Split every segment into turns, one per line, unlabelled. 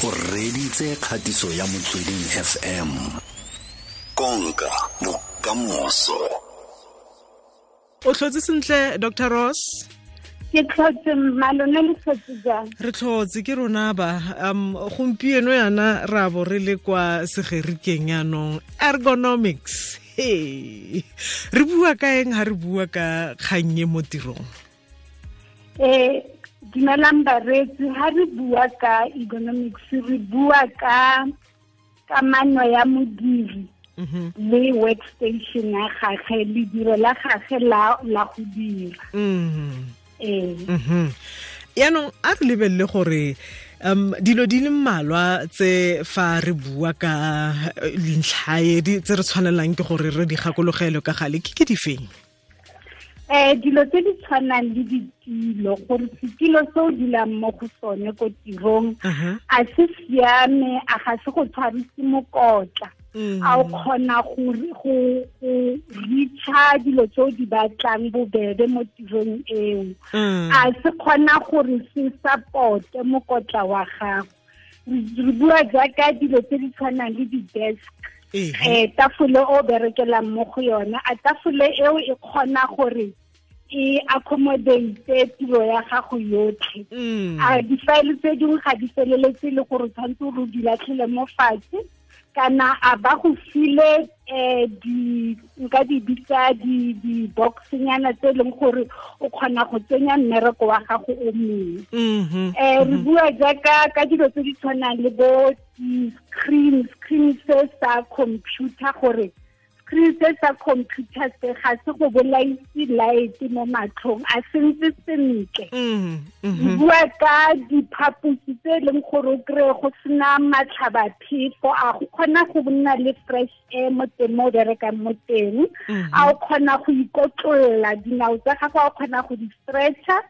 o reditse kgatiso ya motsweding fm konka
bokamoso o tlhotse sentle dr ross re tlhotse ke rona ba um gompieno yana rabo bo re le kwa segerikeng yanong ergonomics e re bua ka eng ha re bua ka kgannye mo tirong
eh, dumelang baretsi ha re bua ka economics re bua ka kamano ya modiri mhm. le workstation ya gagwe lediro la gagwe la go dira
mhm. ee mhm. yaanong a re lebelele gore um dilo di le mmalwa tse fa re bua ka uh, ntlhae tse re tshwanelang ke gore re di gakologelwe ka gale ke ke di feng
eh dilo tse di tshwanang le ditilo gore setilo se o dulang mo go sone ko tirong uh-huh. a se siame a ga se go tshwarise mokotla mm. a o kgona go reacha dilo tse o di batlang bobebe mo tirong eo mm. a se kgona gore se support mokotla wa gago re bua jaaka dilo tse di tshwanang le di-desk um tafole o berekelang mo go yona a tafole eo e kgona gore e accommodate tiro ya gago yotlhe mm. a difaele tse dingwe ga di feleletse le gore tshwanetse gore o di latlhele mo fatshe kana a ba go file um di nka di bitsa di-boxnyana tse e leng gore o kgona go tsenya mmereko wa gago o mongwe um re mm-hmm. bua jaaka ka dilo tse di tshwanang le bo di-screen screen se sa computer gore mm -hmm. createtsa computers ga se go bolaise light mo matlhong a sentse sentle mm, mm-hmm. bua ka diphaposi tse e leng gore o kry-e go sena matlhabaphefo a go kgona go nna le fresh air mo teng mo o berekang mo teng mm-hmm. a o kgona go ikotlolla dinao tsa gago a o kgona go di stretcha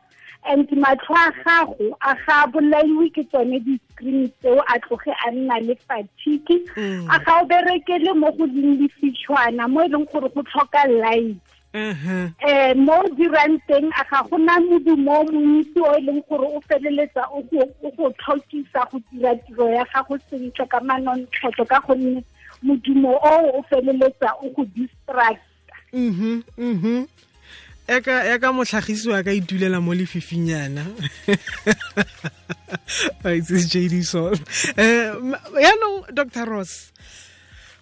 and matlho a gago a ga bolaiwe ke tsone di-screen tseo a tloge a nna le fatigue mm. a ga o berekele mo go ding difitshwana mo e leng gore go tlhoka light um mo o dirang teng a ga gona modumo o montsi o e leng gore o feleletsa o go tlhokisa go dira tiro ya gago sentle ka manontlhotlho ka gonne modumo o o feleletsa
o go distracta mm-hmm, mm-hmm. ya e ka e motlhagisi wa ka itulela mo lefifinyana ah, itse jd sol um eh, yaanong dr ross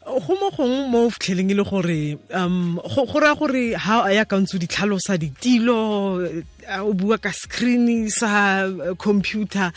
go mo gong mo fitlheleng e le gore um go raya gore ha ya kantse ntse di tlhalosa ditilo o bua ka screen sa eh, computer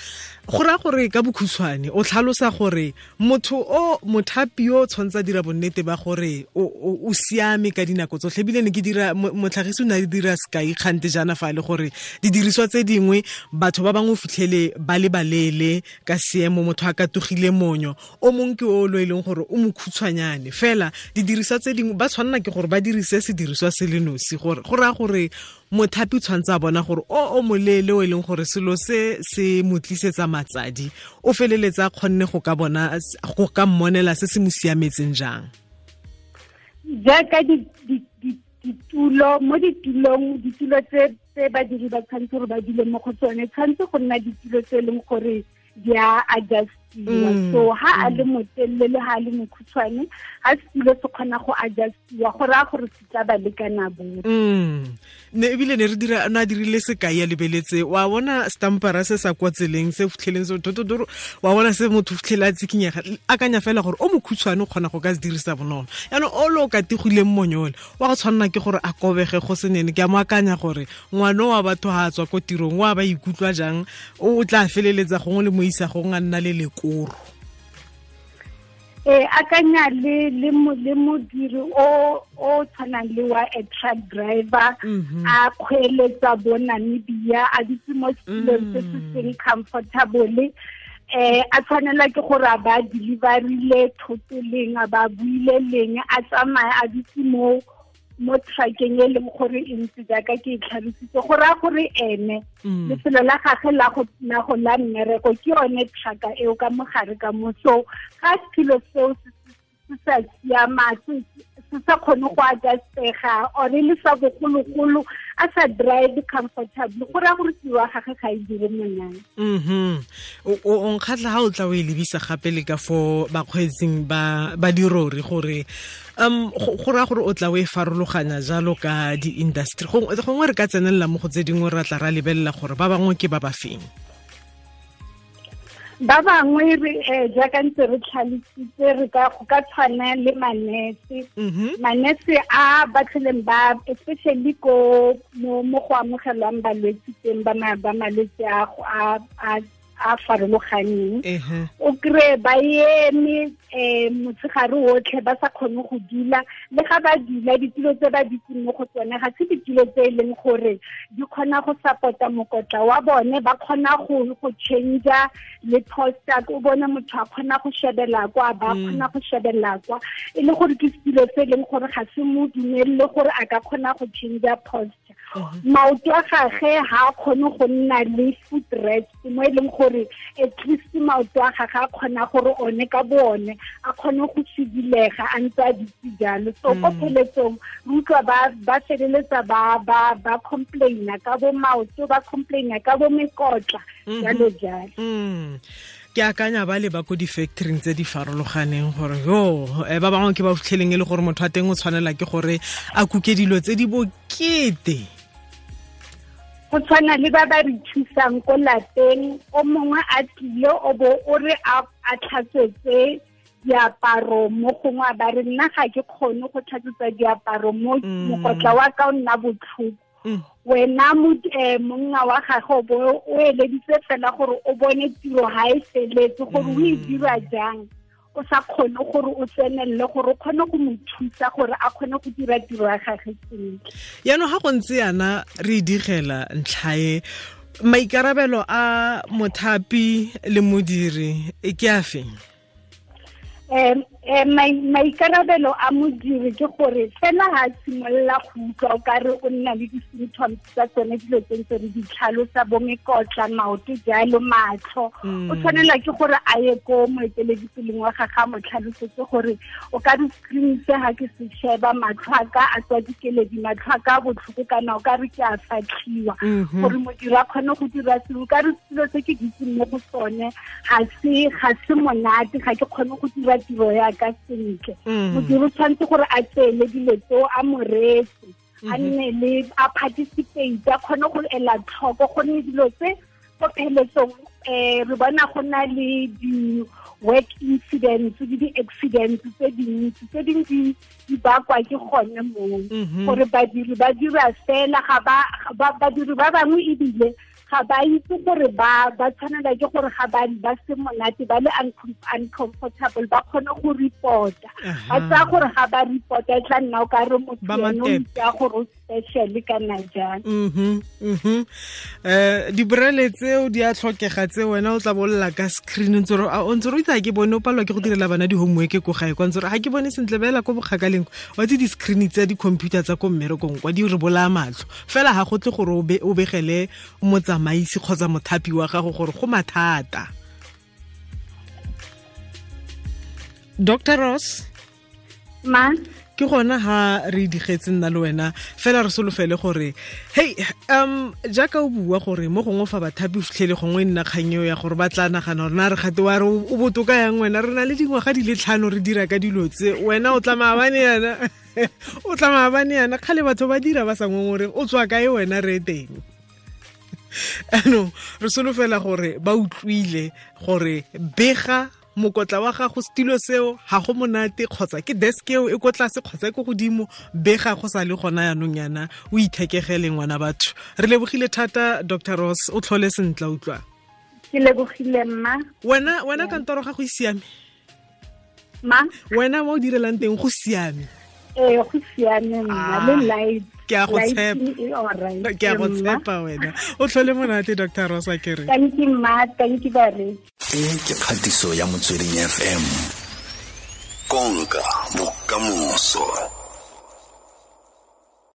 go raya gore ka bokhutshwane o tlhalosa gore motho o mothapi yo o tshwanetse dira bonnete ba gore o siame ka dinako tsotlhe ebile ne ke dira motlhagisi o ne a dira sky kgante jaana fa le gore didiriswa tse dingwe batho ba bangwe o fitlhele ba le balele ka seemo motho a katogile monyo o mongwe ke o lo e leng gore o mokhutshwanyane fela didiriswa tse dingwe ba tshwanela ke gore ba dirise sediriswa se le nosi gore go raya gore mothapi o tshwanetse a bona gore o o moleele o e leng gore selo se se motlisetsa matsadi o feleletsa kgonne go ka bona go ka mmonela se se mo siametseng jang
jaaka ditulo mo ditulong ditulo tse badiri ba tshwanetse gore ba dule mo go tsone tshwanetse go nna ditulo tse e leng gore di a adjust
Mm. so
ha a le mm. motelle le ha a le mokhutshwane ha se se kgona go adjustiwa go raya gore se tla ba lekana botlhe
mm. ne ebile ne re dira na dirile sekai ya lebeletse wa bona stampara se sa kwa tseleng se futlheleng se totodoro wa bona se motho futlhele a tsikinyega akanya fela gore o mokhutshwane o kgona go ka se dirisa bonolo yaanong o le o kategileng monyole wa go tshwanela ke gore a kobege go senene ke a mo akanya gore ngwana wa batho ga a tswa ko tirong o a ba ikutlwa jang o tla feleletsa gongwe le moisa gongwe a nna le leko koro
e eh, akanya le le le modiri o o tshwanang le wa a truck driver mhm. a kgweletsa bona mibia a ditse mo dilong tse se mm. seng comfortable eh a tshwanela ke gore a ba deliverile thotoleng a ba buile leng a tsamaya a ditse mo mo trakeng e leng gore e ntse jaaka ke itlhalositse go raya gore ene lefelo la gage la go la mmereko ke yone traka eo ka mogare ka mo ga selo seo se sa siama se sa kgone go adjustega ore le sa bogologolo a sa drive comfortable go raya gore tiro wa gagwe ga e dire monyane
mhm o nkgatlha ga o tla o e lebisa gape le ka bakgweetsing ba dirori gore um go raya gore o tla o e farologanya jalo ka di-industry gongwe re ka tsenelela mo go tse dingwe re tla ra lebelela gore ba bangwe ke ba ba feng
ba bangwe re um jaaka ntse re tlhalositse re ka go ka tshwana le manese mm-hmm. manese a batlheleng ba especially ko mo go amogelwang balwetse teng ba malwetse a a farologaneng o kry-e ba eme um motshegare otlhe ba sa kgone go dula le ga ba dula ditulo tse ba ditseng mo go tsone ga se ditulo tse e leng gore di kgona go support-a mokotla wa bone ba kgona go change-a le posta o bone motho a kgona go shebela kwa ba kgona go shebelela kwa e le gore ke setulo tse e leng gore ga se mo dumelele gore a ka kgona go change-a post gage mm-hmm. maoto a gage ga a kgone go nna le foot rest mo e leng gore at least maoto a gage a kgona gore one ka bo one a kgone go sidilega a ntse a ditse jalo so ko mm. pheletsong re utlwa ba feleletsa ba complaina ka bo maoto ba complaina ka bo mekotla mm-hmm. jalo jalo mm.
ke akanya ba le ba ko di-factoring tse di farologaneng gore yo eh, ba bangwe ke ba fitlheleng e le gore motho a teng o tshwanela ke gore a kuke dilo tse di bokete go
tshwana le ba ba re thusang ko lateng o mongwe a tlile o bo o re a tlhatswetse diaparo mo gongwe ba re nna ga ke kgone go tlhatswetsa diaparo mo mm. mokotla wa ka o nna botlhoko Mm. wena eh, monna wa gagwe bo o eleditse fela gore o bone tiro ga e feletse gore o e mm. dira jang o sa kgone gore o tsenelele gore o kgone go mo thusa gore a kgone go dira tiro ya gage sentle
yaanong ga go ntse yana re e digela ntlhae maikarabelo a mothapi le modiri e ke a feng
um Eh, maikarabelo a modiri ke gore fela ga simolola go utlwa o kare o nna le di-symptoms tsa tsone dilo tse ntse re di tlhalosa bo mekotla maoto jalo matlho hmm. o tshwanela ke gore a ye ko moeteledipeleng wa gaga mo tlhalosetse gore o ka re screense ga ke se sheba matlho a ka a tswa dikeledi matlho a ka botlhoko kana o ka re ke a fatlhiwa mhm. gore modiri a kgone go dira sengwe ka re selo se ke ditseng mo go sone ga se monate ga ke kgone go dira tiro ya a ka sentle mm-hmm. modiri tshwanetse gore a tsele dilo tseo a moretse mm-hmm. a nne le a participate a kgone go ela tlhoko gonne dilo tse pheletsong um re bona go na le di-work incidents le di-accidents tse dintsi tse dingwe di bakwa ke gone moo mm-hmm. gore badiri ba dira fela ga badiri ba bangwe ebile ga ba itse gore ba ba tshwanela ke gore ga ba ba se monate ba le uncomfortable ba kgone go reporta ba tsaya gore ga ba reporta e tla nna o ka re motho eno o gore especially ka nna
mhm mhm eh, di brele tseo di a tlhokega tse wena o tla bolla ka screen ntse re o ntse re itse ke bone o palwa ke go direla bana di homework ko gae kwa ntse re ha ke bone sentle bela go bogakalengo wa tse di screen tsa di computer tsa ko mmerekong kwa di re bola matlo fela ha go tle gore o be o begele motsamaisi kgotsa mothapi wa gago gore go mathata Dr. Ross? Ma? ke gona ha re digetse nna le wena fela re solofele gore hei um jaaka o bua gore mo gongwe fa bathapi o fitlhele gongwe e nna kgang eo ya gore ba tla nagana gore na re gate wa re o botoka yang wena re na le dingwaga di le tlhano re dira ka dilo tse wena o tlamaa bane yana o tlamaa bane yana kgale batho ba dira ba sa ngongore o tswa kae wena re teng ano re solofela gore ba utlwile gore bega mokotla wa gago setilo seo ga go monate kgotsa ke desk eo e ko tlase kgotsa e ko godimo bega go sa le gona yanong yana o ithekegele ngwana batho re lebogile thata dr ross o tlhole sentla utlwa ke lebogile mma wena wena kantoro ga go siame ma wena mo o direlang teng go siame ee
go ah,
ke a go tshepa
e e ke a go tshepa
wena o tlhole monate dr rosa kere
thank you ma thank you bareki
e ke kgatiso
ya motsweding fm konka bokamoso